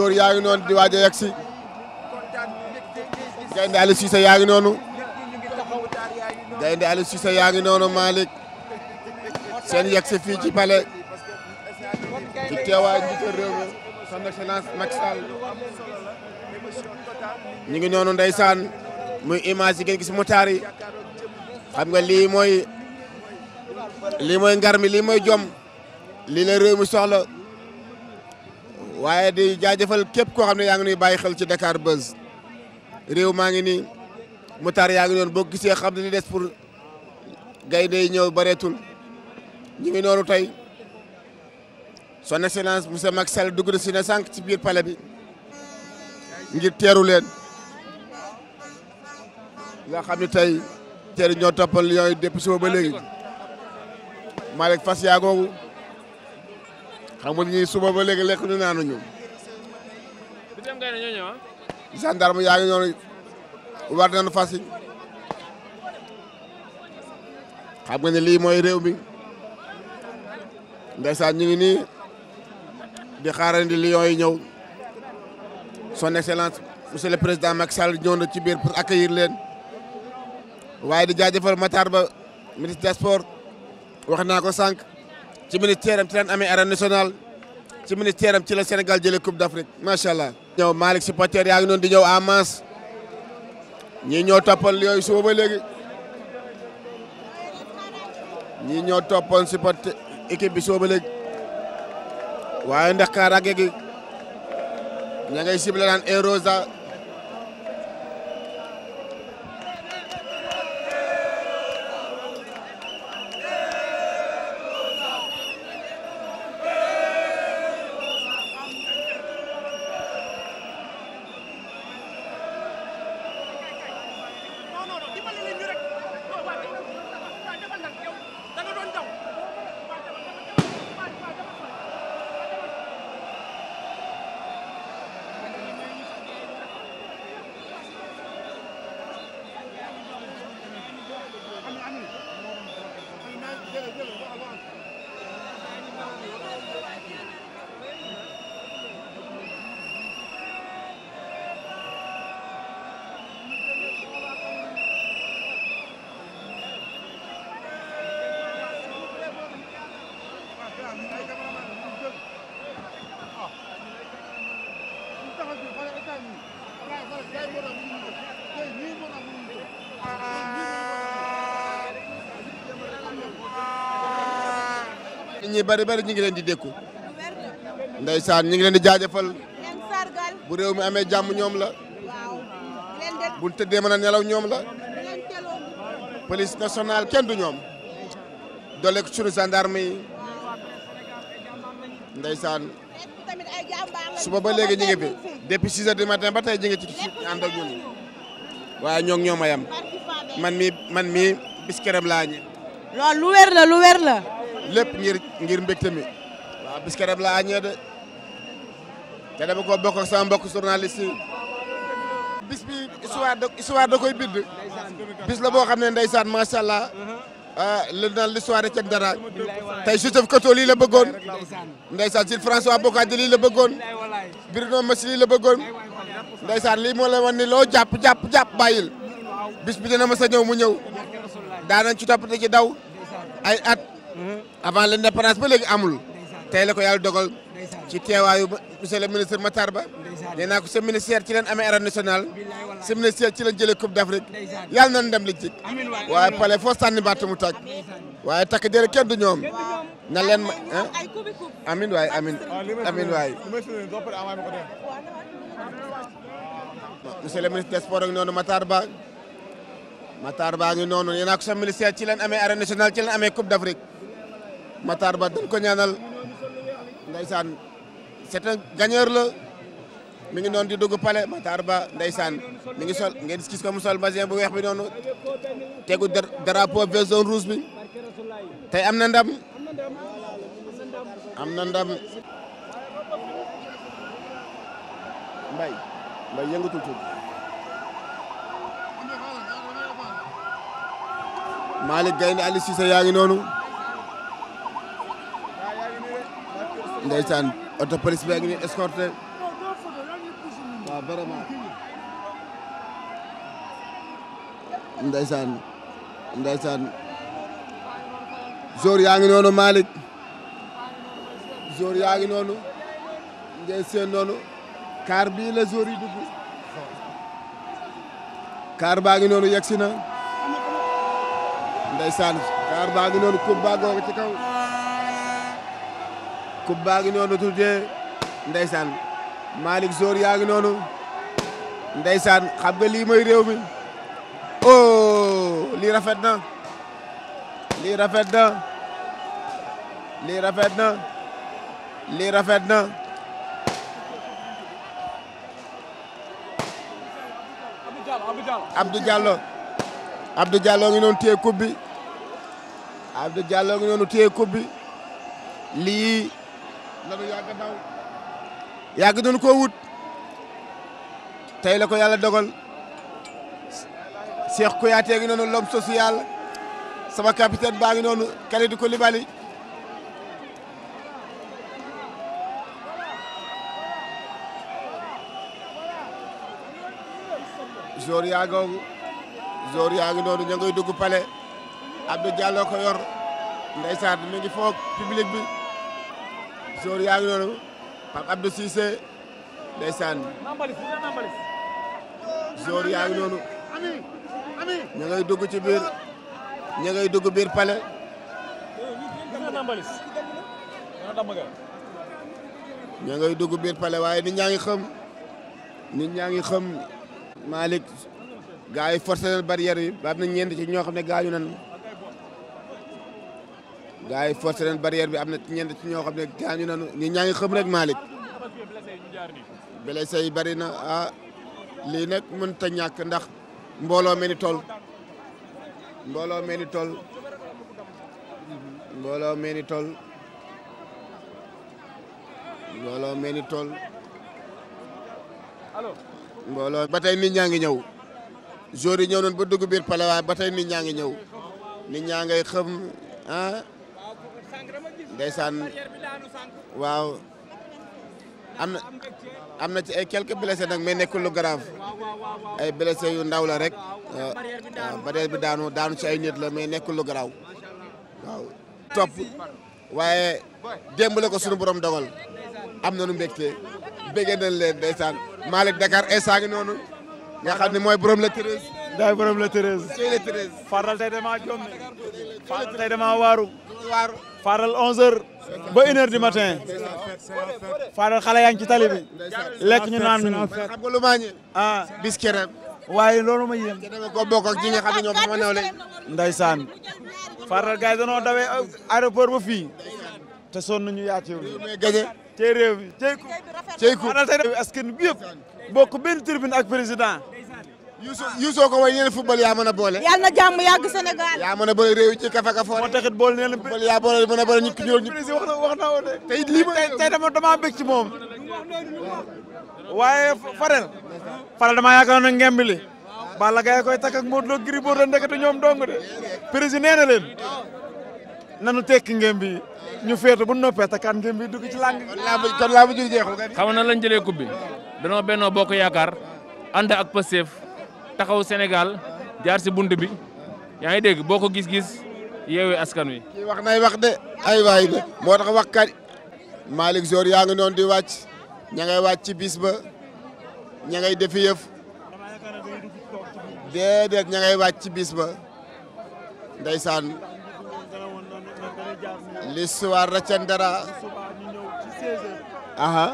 Dóor yaa ngi noonu di waaj a yegg si Gaynde Aliou Cissé yaa noonu Gaynde Aliou Cissé yaa ngi noonu Malick seen yegg si fii ci palais ci teewaay ngi noonu ndeysaan muy image yi ngeen gis motaar xam nga lii mooy lii mooy ngar mi lii mi soxla waaye di jaajëfal képp koo xam ne yaa ngi nuy bàyyi xel ci Dakar Buzz réew maa ngi nii Matar yaa ngi noonu boo gisee xam ne des pour gaynde yi ñëw bareetul ñu ngi noonu ne son excellence monsieur Macky Sall dugg na si ne sànq ci biir pale bi ngir teeru leen nga xam ne tey teeru ñoo toppal yooyu depuis suba ba léegi Malick Fass yaa googu xam nga ñii suba ba léegi lekk ñu naanu ñu. bi dem na ñoo ñëw ah. yaa ngi noonu war nañu fas yi xam nga ni lii mooy réew mi ndeysaan ñu ngi ni di xaarandi lions yi ñëw son excellence monsieur le président Macky Sall ñëw na ci biir pour accueillir leen waaye di jaajëfal Matar Ba ministre des sports wax naa ko sànq. ci ministère am ci leen amee arène nationale ci ministère am ci la senegal jële coupe d'Afrique macha allah. ñëw Malick supporter yaa ngi noonu di ñëw en masse ñoo toppal yooyu suba ba léegi ñii ñoo toppoon supporter équipe bi suba ba waaye ndax kaaraange gi ña ngay ñi bari bari ñu ngi leen di dékku ndeysaan ñu ngi leen di jaajëfal bu réew mi amee jàmm ñoom la bu tëddee mën a nelaw ñoom la police nationale kenn du ñoom doole ko sunu gendarme yi ndeysaan suba ba léegi ñu ngi fi depuis 6 heures du matin ba tey ñu ngi ci ànd ak ñun waaye ñoo ngi ñoo man mi man mi bis këram laa lu wér la lu wér la lépp ngir ngir mbégte mi waaw bis keroog laa añee de te dama ko bokk ak sama mbokk bi histoire da koy bind bis la boo xam ne ndeysaan saan allah li naan ah, l'histoire de Thiat Dara tey Joseph Koto lii la bëggoon ndeysaan si François Bocage lii la bëggoon Bruno Messi lii la bëggoon ndeysaan lii moo la wan loo jàpp jàpp jàpp bàyyil bis bi dina ma sa ñëw mu ñëw daanañ ci toppate daw ay at Mhm. avant le l'indépendance ba léegi amul. tey la ko yàlla dogal. ci teewaayu monsieur le ministre Matar Ba. nee naa ko sa ministère ci leen amee arène nationale. sa ministère ci leen jëlee coupe d'Afrique. yàlla na ndam waaye pale foo sànni baat mu tàkk. waaye takk jërë kenn du ñoom. na leen ma amin waay amin amin ah, waay. Ah, monsieur le ministre des sports ak noonu Matar Ba. Matar Ba ngi noonu nee naa ko sa ministère ci leen amee arène national ci leen amee coupe d'Afrique. Matar Ba dañ ko ñaanal ndeysaan c'est un gagneur la mi ngi noonu di dugg pale Matar Ba ndeysaan mi ngi sol ngeen gis ko mu sol basin bu weex bi noonu tegu drapeau vert jaune rouge bi tey am na ndam am na ndam mbay mbay yëngatul tuuti Malick Gaynde Aliou Cissé yaa ngi noonu ndeysaan oto police baa ngi nii escorté waaw vraiment ndeysaan ndeysaan yaa ngi noonu Malick jour yaa ngi noonu ngay seen noonu car bii la jour yi dugg baa ngi noonu yegsi na ndeysaan car baa ngi noonu kub baa googu ci kaw ku baa ngi noonu tu ndeysaan Malick Zor yaa ngi noonu ndeysaan xam nga lii mooy réew mi oh, lii rafet na lii rafet na lii rafet na lii rafet na Abdou Diallo Abdou Diallo ngi noonu téye coupe bi Abdou Diallo ngi noonu téye coupe lii lanu yàgg daw yàgg doon koo wut tey la ko yàlla dogal Cheikh Kouyaté ngi noonu l'homme social sama capitaine baa ngi noonu Kalidou Koulibaly libali yaa googu joor yaa ngi noonu ña ngay dugg pale ko yor ndeysaan mi ngi foog public jour yaa ngi noonu Pape Abdou Cissé ndeysaan jour yaa ngi noonu ñu ngay dugg ci biir ñu ngay dugg biir palais ñu ngay dugg biir pale waaye nit ñaa ngi xam nit ñaa ngi xam Malick gars yi forcé barrière yi ba am na ñeent ci ñoo xam ne gaañu nan gars yi forcé leen bi am na ci ñenn ci ñoo xam ne gaañu nañu ñi ñaa ngi xam rek Malick blessé bari na ah nag mënut ñàkk ndax mbooloo mel ni toll mbooloo mel ni toll mbooloo mel ni toll mbooloo mel ni toll mbooloo ba tey nit ñaa ngi ñëw jour yi ñëw nañ ba dugg biir pale waaye ba tey nit ñaa ngi ñëw ndeysaan waaw am na am na ci ay quelques blessés mais nekkul lu grave ay blessés yu ndaw la rek euh, barrière bi daanu daanu ci ay nit la mais nekkul lu grave waaw topp waaye démb la ko sunu borom dogal am na nu mbégte béggee nañ leen ndeysaan Dakar instant noonu nga xam ne mooy borom la tëreuse day borom la treize. la treize. faral tey damaa jom faral tey damaa faral onze ba une matin. faral xale yaa ngi ci tali ñu naan ñu. xam nga ah. waaye loolu ma yéem. dama ko bokk ak ñi nga faral gars yi dañoo dawee ba fii. te sonn nañu yaatiwul. te réew mi ceyku. ceyku faral tey askan bi yëpp. bokk benn tribune ak président. Youssou Youssou ko way ñeneen football yaa mën a boole. yàlla na jàmm yàgg Sénégal. yaa a boole réew yi ci kafa ka yaa boole boole ñu ñu. wax na wax na woon de. tey lii ma tey dama damaa bëgg ci moom. waaye Fadel. Fadel damaa yaakaar koy takk ak Modou Lo Gris Bordeaux ndekete ñoom dong de. président nee na leen. nanu tekki ngemb ñu féetu bu noppee takkaan ngemb yi dugg ci làng. kon laa mujj jeexul. xam na lañ jëlee coupe bi danoo bennoo bokk yaakaar ànd ak Pastef taxaw Sénégal jaar si bunt bi yaa ngi dégg boo ko gis-gis yeewee askan wi. kii nay wax ay waay de moo tax wax kat Malick yaa nga noonu di wàcc ña ngay wàcc ci bis ba ña ngay defi yëf déedéet ña ngay wàcc ci bis ba ndeysaan l'histoire retiendra dara aha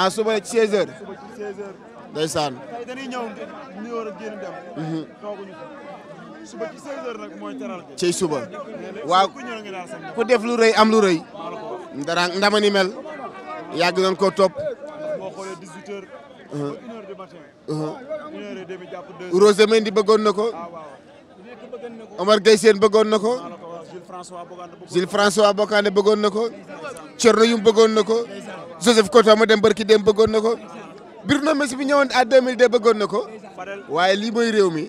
ah suba ci 16h. ndeysaan tey dañuy ñëw ñu war mhm. suba ci waaw ku def lu rëy am lu rëy dara ndama ni mel yàgg nañ koo topp boo xoolee 18h mhm. ba 1h du matin 1h mhm. et demi bëggoon na ko ah, Omar Gueye Sène bëggoon na ko Jules François Bocandé bëggoon na ko bëggoon na ko Joseph Koto dem barki dem bëggoon na ko Bruno Messi bi ñëwoon à 2002 bëggoon na ko waaye lii mooy réew mi.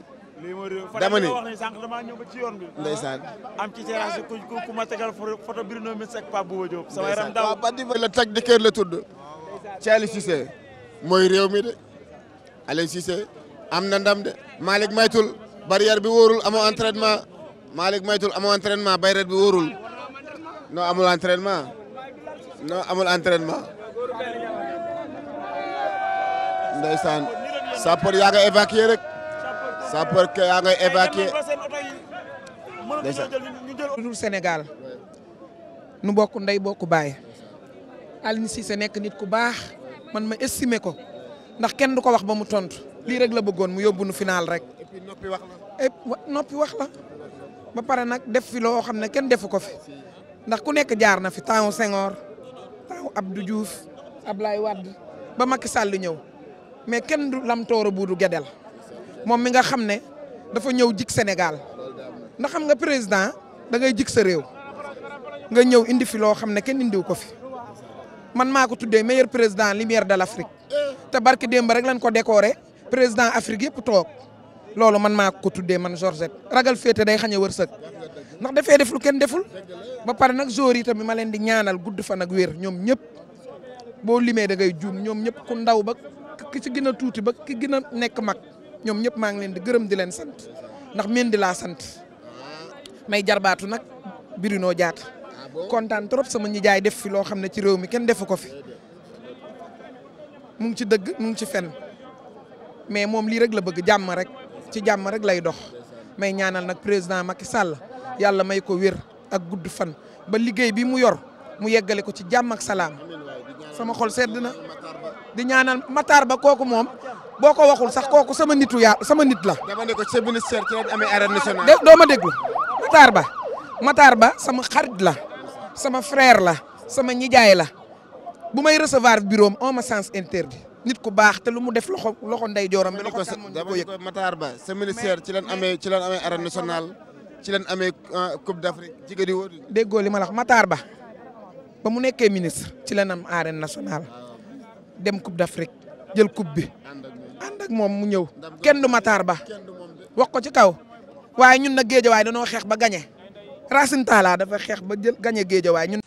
dama ni wax ne sànq damaa ñëw ba yoon bi. ndeysaan am ci terrasse ku ku ma tegal photo Bruno Messi ak Pape Bouba Diop. sama yaram daaw la tag de la tudd. ci Aliou Cissé mooy réew mi de Aliou Cissé am na ndam de Malick Maytul barrière bi wóorul amoo entraînement Malick Maytul amoo entraînement barrière bi worul non amul entraînement non amul entraînement. sa sapeur yaa ngay évacuer rek sapeur ke yaa ngay évacuer nu bokk ndey bokk baay Aliou Cissé nekk nit ku baax man ma estimer ko ndax kenn du ko wax ba mu tontu lii rek la bëggoon mu yóbbu nu final rek noppi wax la noppi wax la ba pare nag def fi loo xam ne kenn defu ko fi ndax ku nekk jaar na fi temps Senghor temps juuf Diouf Ablaye Wade ba Macky Sall ñëw mais kenn du Lam Tooro Buudu Gédel moom mi nga xam ne dafa ñëw jig Sénégal ndax xam nga président dangay ngay jig sa réew nga ñëw indi fi loo xam ne kenn indiw ko fi man maa ko tuddee meilleur président limière de l'Afrique te barke démb rek lañ ko décorer président Afrique yëpp toog loolu man maa ko tuddee man Georgette ragal féete day xañ a wërsëg ndax dafee deful kenn deful ba pare nag jour yi tamit ma leen di ñaanal gudd fa nag wér ñoom ñëpp boo limee da ngay juum ñoom ñëpp ku ndaw ba ki ci gën a tuuti ba ki gën nekk mag ñoom ñëpp maa ngi leen di gërëm di leen sant ndax di laa sant may jarbaatu nag Bruno Diatta kontaan trop sama nijaay def fi loo xam ne ci réew mi kenn defu ko fi mu ngi ci dëgg mu ngi ci fen mais moom lii rek la bëgg jàmm rek ci jàmm rek lay dox may ñaanal nag président Macky Sall yàlla may ko wér ak gudd fan ba liggéey bi mu yor mu yeggale ko ci jàmm ak salaam sama xol sedd na. di ñaanal Matar ba kooku moom boo ko waxul sax kooku sama nitu yaa sama nit la. dama ne ko sa ministère ci lañ amee arène nationale. doo ma déglu Matar ba Matar ba sama xarit la sama frère la sama ñijaay la bu may recevoir bureau am ma sens interdit. nit ku baax te lu mu def loxo loxo ndey jooram. bi loxo sànq dama ne ko Matar Ba sa ministère ci lan amee ci lan amee arène nationale ci lan amee euh, coupe d'Afrique jigéen di wóor. déggoo li ma la wax Ba ba mu nekkee ministre ci la am arène national dem coupe d'Afrique jël coupe bi ànd ak moom mu ñëw kenn du Matar Ba wax ko ci kaw waaye ñun nag géejawaay danoo xeex ba gañe Racine Talla dafa xeex ba jël gañe géejawaay ñun